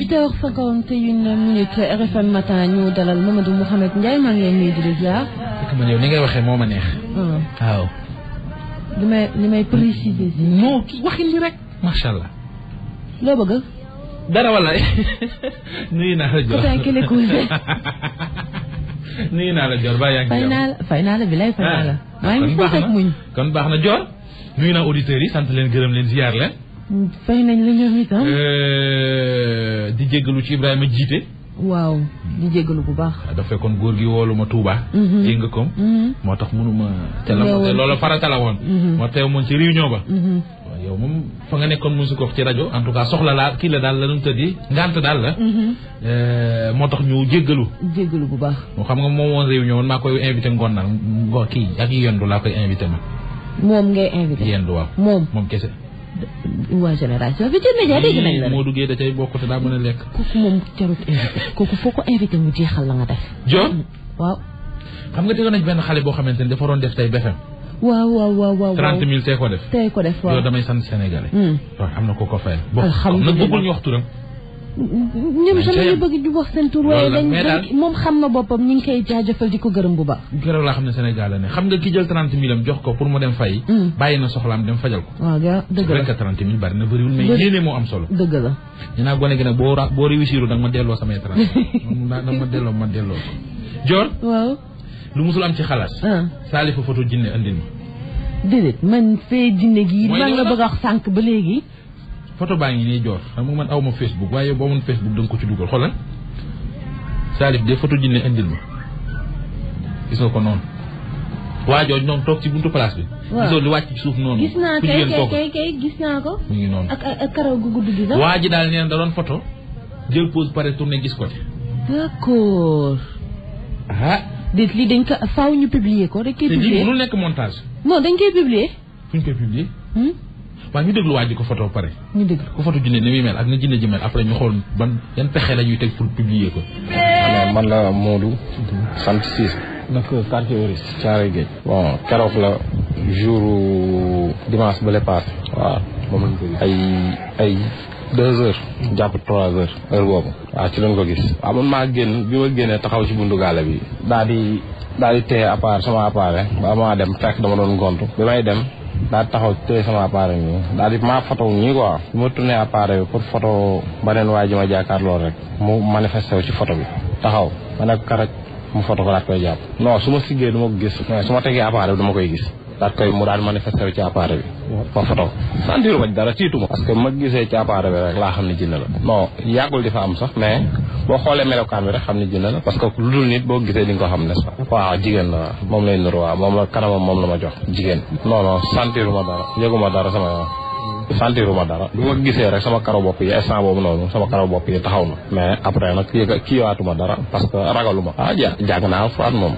8h51 minutes RFM matin ñu dalal Mamadou Mouhamed Ndiaye maa ngi lay nuyu di la ziar. dëgg man yow ni ngay waxee moo ma neex. waaw. li may li may préciser. non waxi li rek. macha allah. loo bëgg. dara wala nuyu naa la Dior. nuyu naa la Dior ba yaa ngi. fay naa la fay naa la bilay fay naa la. maa ngi sant ak muñ. kon baax na kon baax na Dior. nuyu naa auditeurs yi sant leen gërëm leen ziar leen. fay nañ la ñoom itam. Euh, di jégalu ci Ibrahima jiite. waaw di jégalu bu baax. Ah, dafa fekkoon góor gi woolu Touba. jéng mhm. kom. Mhm. moo tax mënuma. loola farata la woon. Mhm. ci réunion ba. yow moom fa nga nekkoon musu ko ci rajo en tout cas soxla kii la daal la nu tëddi ngant daal la. Euh, moo tax ñu jéggalu. jéggalu bu baax. moo xam nga moom woon réunion man maa koy invité ngoon naan kii ak yendu laa koy invité ma. moom ngay invité yendu waaw moom moom kese. waa génération bi ci média dégg nañ la da cay bokk te daa mën a lekk. kooku moom jarut invité kooku foo ko invité mu jeexal na nga def. John waaw. xam nga déggoon nañ benn xale boo xamante ni dafa doon def tey BFM. waaw waaw waaw waaw trente mille tey ko def. tey ko def waaw yow damay sant sénégalais. Hmm. waaw am na ko ko fay. alhamdulilah boo xam ne bëggul ñu wax turam. ñoom sama ñu bëgg ñu wax seen tur waaye dañ moom xam na boppam ñu ngi koy jaajëfal di ko gërëm bu ba baax gërëm laa xam ne Sénégal la ne xam nga ki jël trente mille am jox ko pour mu dem fay mm. bàyyi na soxlaam dem fajal ko waaw la rek trente mille bari na bëriwul mais yéene moo am solo dëgg la ñu naa gone gi da nga delloo samay trente ma delloo ma delloo Dior waaw lu musul am ci xalaas ah. saalifa photo jinne andil ma déedéet man fee jinne gi maa nga bëgg a wax ba léegi photo baa ngi nii joor xam nga man aw ma Facebook waaye boo mën Facebook da nga ko ci dugal xoolal Salif de photo jinne indil ma gis nga ko noonu. waa jooju ñoom toog ci buntu place bi. waaw gisoo li wàcc ci suuf noonu. gis naa kay kay kay gis naa ko. mu ngi noonu ak ak karaw gu gudd gi sax. waa ji daal nee na da doon photo jël pause pare tourné gis ko ci. d'accord. ah. déet lii dañ ko faaw ñu publier ko. dañ koy publier te lii mënul nekk montage. non dañ koy publier. fu koy publier. Hmm? waaw ñu déglu waa ji ko photo pare. ñu déglu ko photo jinne ni muy mel ak na jinne ji mel après ñu xool ban yan pexe la ñuy teg pour publier ko. man la Modou. sant Cissé. naka quartier Oris. Thiaroye Géej. bon la jour dimanche ba le passé. waaw moom lañ ko gis. ay ay deux heures. jàpp trois heures heure boobu. waaw ci lañ ko gis. waaw man maa génn bi ma génnee taxaw ci buntu gaale bi. daal di daal di téye appareil sama appareil. ba maa dem fekk dama doon ngont bi may dem. daa taxaw téye sama appareil mii daal di foto photo nii quoi bi ma tourné appareil bi pour photo beneen waa ji ma rek mu manifesté wu ci photo bi taxaw ma ne ko karaj mu photo ko daat koy jàpp no su ma siggee du ma ko gis su ma tegee appareil bi dama koy gis daal koy mu daan manifesté wu ci appaare bi ma fa toog sentir ma dara tiituma parce que ma gisee ci appaare bi rek laa xam ne la non di fa am sax mais boo xoolee melokaan bi rek xam ne jinne la parce que lu dul nit boo gisee di nga ko xam ne sax waaw jigéen la moom lay nuru waaw moom la kanamam moom la ma jox non non dara dara sama Santiru sentiruma dara bu ma gisee rek sama karaw bopp yi ya, instant eh, boobu sama karaw bopp yi ya, taxaw na mais après nag kiiwaatuma dara parce que ragaluma ah jàng naa alxuraan mom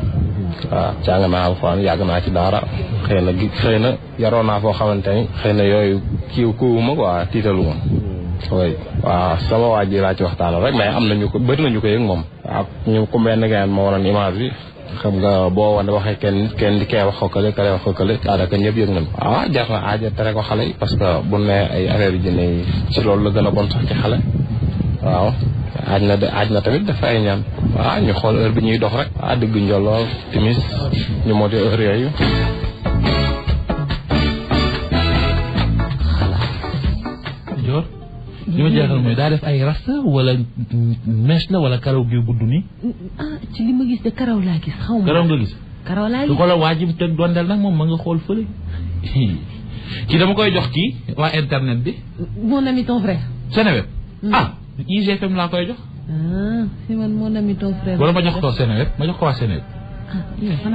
waaw jàng naa alxuraan yàgg naa ci daara xëy na gi xëy na yaroon naa foo xamante ni xëy na yooyu kii kuwuma quoi tiitalu ma oui waaw sama waa ji laa ci waxtaanal rek mais am na ñu ko bëri na ñu ko moom. waaw ñu ko benn gaan ma waroon image bi xam nga boo wane waxee kenn kenn di kee wax ko kële kële wax ko kële daanaka ñëpp yëg nañu. waaw ah, jar na aaja ah, tere ko xale yi parce que bu ne ay affaire yu jëndee ci loolu la gën a bon sax ci xale. waaw aaj na aaj na tamit def ay ñaan waaw ñu xool heure bi ñuy dox rek ah digg njoloo timis ñu moo di heure yooyu li ma jaaxal mooy daa def ay rasta wala mèche la wala karaw gi gudd ni ah ci li ma gis de karaw laa gis xaw ma karaw nga gis karaw laa gis ko la waajib te dondel nag moom ma nga xool fële dama koy jox kii waa internet bi mon ami ton frère Seneweb mm. ah IGFM laa koy ah si man moo nami toog frère. wala eh? ah, iya. eh? ma jox ko Sénégal ma jox ko waa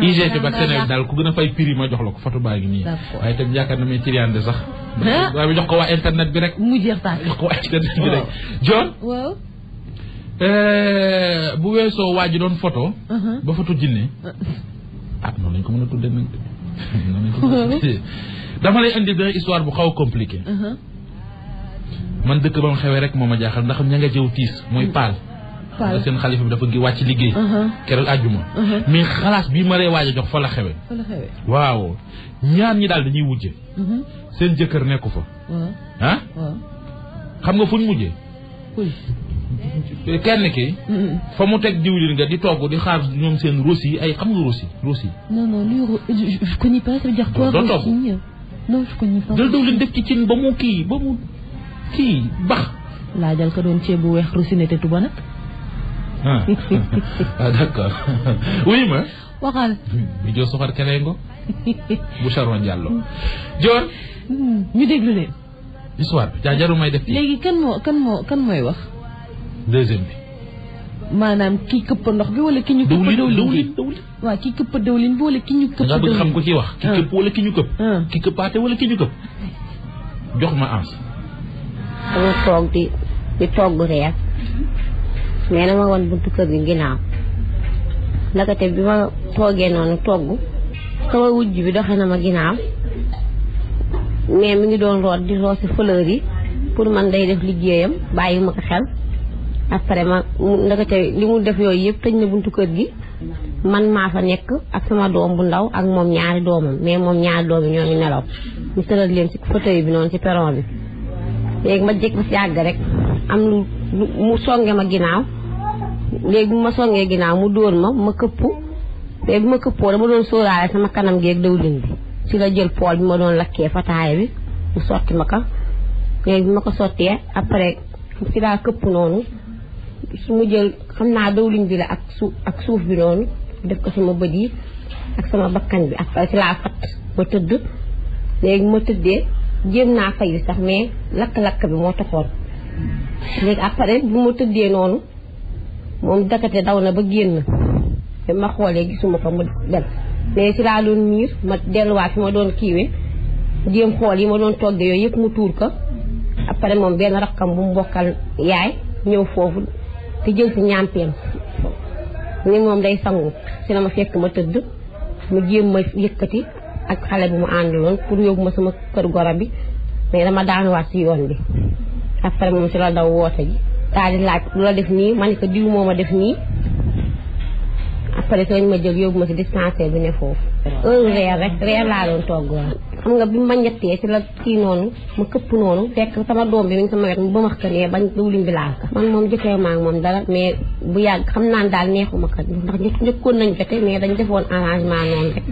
IGFM ak Sénégal daal ku gën fay prix ma jox la ko Ba ngi nii. waaye sax. jox ko internet bi rek. mu jeex jox ko internet bi rek. John waaw. bu weesoo waa ji photo. ba photo jinne. ah noonu lañ ko mën a tuddee dama lay histoire bu xaw man dëkk ba mu xewee rek moo ma jaaxal ndax ña nga jëw tiis mooy mm. paal da seen xalifa bi dafa ngi wàcc liggéey uh-huh. keroog àjjuma uh-huh. mais xalaas bii ma lay waaj a jox fa la xewe waaw ñaar ñi daal dañuy wujje uh-huh. seen jëkkër nekku fa ah xam nga fuñ mujjee kenn ki fa mu teg diwlin nga di togg di xaar ñoom seen rosi ay xam nga rosi rosi non non lui je connais pas ça veut dire quoi rosi non je connais pas jël diwlin def ci cin ba mu kii ba mu ki bax laajal ko doon ceeb bu weex eh, rusine te tuba nag ah, eh. ah d'accord oui ma waxal mi jo soxar ngo bu charon diallo jor hmm, ñu déglu leen histoire bi jaajaru may def léegi kan mo kan mo kan moy wax deuxième bi manam ki kepp ndox bi wala ki ñu kepp dawlin wa ki kepp dawlin bi wala ki ñu kepp dawlin nga bëgg xam ko ci wax ki kepp ah. wala ki ñu kepp ah. ki keppate wala ki ñu kepp jox ma ans dama toog di di togg reer mais dama wan buntu kër gi ginnaaw ndakate bi ma toogee noonu togg sama wujj bi doxe na ma ginnaaw mais mu ngi doon root di root ci fleur yi pour man day def liggéeyam bàyyi ma ko xel après ma ndakate li mu def yooyu yëpp tëj na buntu kër gi man maa fa nekk ak sama doom bu ndaw ak moom ñaari doomam mais moom ñaari doom yi ñoo ngi nelaw ñu tëral leen ci fauteuil bi noonu ci perron bi léegi ma jékki ba si àgg rek am lu mu songe ma ginnaaw léegi bu ma songee ginnaaw mu dóor ma ma këppu léegi bu ma këppoo dama doon sóoraale sama kanam geeg dawlin bi ci la jël pool bi ma doon lakkee bi mu sotti ma ko ma ko sottee après si këpp noonu su mu xam naa dawlin la ak suuf ak suuf bi noonu def ko sama bët yi ak sama bakkan bi ak fat ma tëdd léegi ma tëddee jéem naa fayu sax mais lakk-lakk bi moo taxoon. léegi après bu ma tëddee noonu moom dakate daw na ba génn te ma xoolee gisuma ko mu dem mais si laa doon miir ma delluwaat fi ma doon kiiwe jéem xool yi ma doon toggee yooyu yëpp mu tuur ko après moom benn rakkam bu mu bokkal yaay ñëw foofu te jël si ñampeem ni moom day sangu si la ma fekk ma tëdd mu jéem ma yëkkati ak xale bu mu àndaloon pour yóbbu ma sama kër goro bi mais dama daanuwaat ci yoon bi après moom si la daw woote ji daal di lu la def nii man ni ko diw moo ma def nii après que lañ ma jël yóbbu ma si dispensaire bi ne foofu heure reer rek reer laa doon xam nga bi ma ñettee si la kii noonu ma këpp noonu fekk sama doom bi mi ngi sama wet mu ba max ne bañ diwlin bi laal ko man moom jëkkee maa ngi moom dara mais bu yàgg xam naan daal neexuma ka ndax njëkkoon nañ jote mais dañ defoon arrangement noonu rek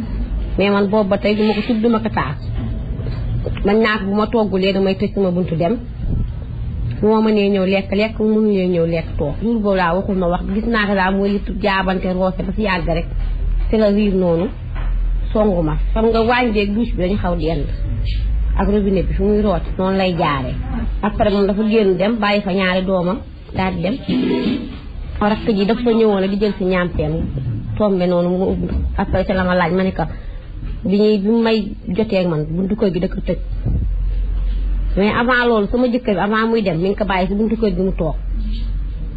mais man boobu ba tey du ma ko tudd du ma ko taal man naak bu ma toggulee damay tëj sama buntu dem moo ma ne ñëw lekk lekk mënuñee ñëw lekk toog jour boobu laa waxul ma wax gis naa ko daal mooy li jaabante roose ba yàgg rek la riir ma xam nga waañ beeg douche bi dañu xaw dend ak bi fu muy root lay jaaree après moom dafa génn dem bàyyi fa ñaari doomam daal di dem rakk ji dafa ñëwoon a di jël si ñampeem tombe noonu mu après ci la ma laaj ma ne bi ñuy bi may jotee ak man buntu kër gi da ko tëj mais avant loolu sama jëkkër bi avant muy dem mi ngi ko bàyyi si buntu kër gi mu toog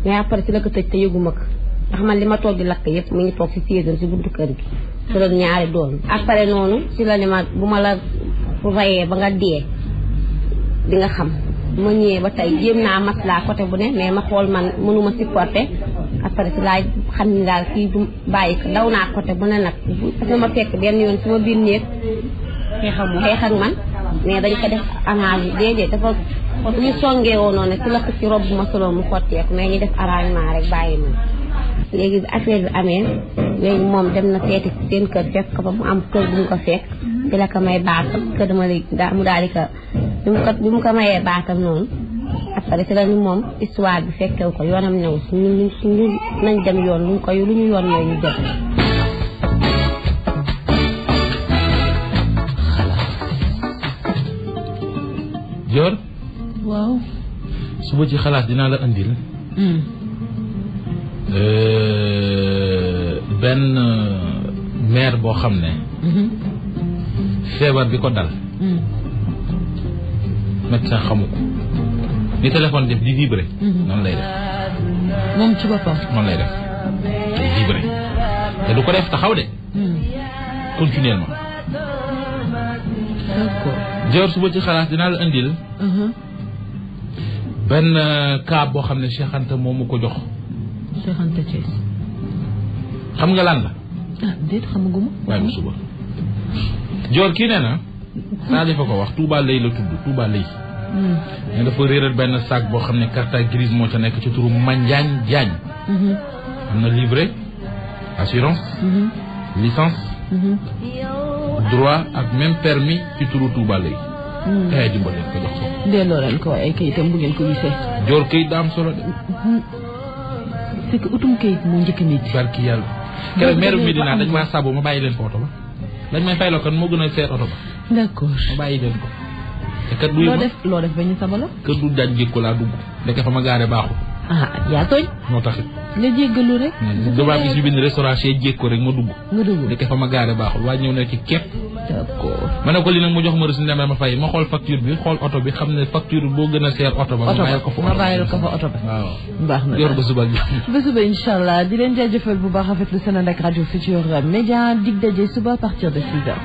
mais après si tëj te ndax man li ma toog di lakk yëpp mu ngi toog si saison ci buntu kër gi. su doon ñaari doon après noonu si la ne ma bu ma la rayee ba nga dee di nga xam. ma ñëwee ba tey jéem naa laa côté bu ne mais ma xool man mënuma supporter après si laaj xam ni daal kii bu bàyyi ko daw naa ko te bu ne nag bu ma fekk benn yoon su ma biir néeg xeex ak man mais dañ ko def arrangé déedéet dafa ñu songee woo noonu ci la ko ci rob ma solo mu xotteeku mais ñu def arrangement rek bàyyi ma léegi bi affaire bi amee léegi moom dem na seeti seen kër fekk ko ba mu am kër bu mu ko fekk ci la ko may baatam kër dama lay mu daal di ko bi ko mu ko mayee baatam noonu après si la ni moom histoire bi fekkewu ko yoonam new si ñu ñu nañ dem yoon luñ koy lu ñu yoon yooyu ñu dem Dior waaw suba ci xalaas dinaa la andil benn maire boo xam ne feebar bi ko dal médecin xamu ko li téléphone def di vibré non lay def mom ci bopam non lay def di vibré da du ko def taxaw de continuer d'accord jor suba ci xalaat dina la andil mhm. ben eh, ka bo xamne cheikh anta momu ko jox cheikh anta ci xam nga lan la ah deet xamaguma way suba jor ki neena na hmm. defa ko wax touba lay la tuddu touba lay ne dafa réeral benn sac boo xam ne carte grise moo ca nekk ci turu Mandiagne Diagne mhm. am na livret assurance mhm. licence mhm. droit ak même permis ci turu Touba léegi tey jumba leen ko jox ko delloo leen ko ay kay kayitam bu ngeen ko gisee jor kay daa am solo de c'est que utum kay mo njëkk nit barki yalla kere mère Medina dañ ma sabu ma bàyyi leen ko oto ba dañ may fay lo kan mo gëna sét auto ba d'accord ma bàyyi leen ko kat du loo def loo def ba ñu sabala. kër du daj jikko laa dugg. ndeke fa ma gaare baaxul. ah yaa tooñ. moo taxit. nga jéggalu rek. damaa gis ñu rek ma dugg. ma dugg ndeke fa ma gaare baaxul waaye ñëw na ci képp. d'accord ma ne ko li nag mu jox ma reçu ma fay ma xool facture bi xool oto bi xam ne facture boo gën a seer oto ba. ma bàyyil ko fa oto bi ko fa oto bi. waaw baax na yor ba suba ak yow. ba suba incha allah di leen jaajëfal bu baax rafetlu seen ànd ak rajo Futurs Médias dig daje suba à partir de 6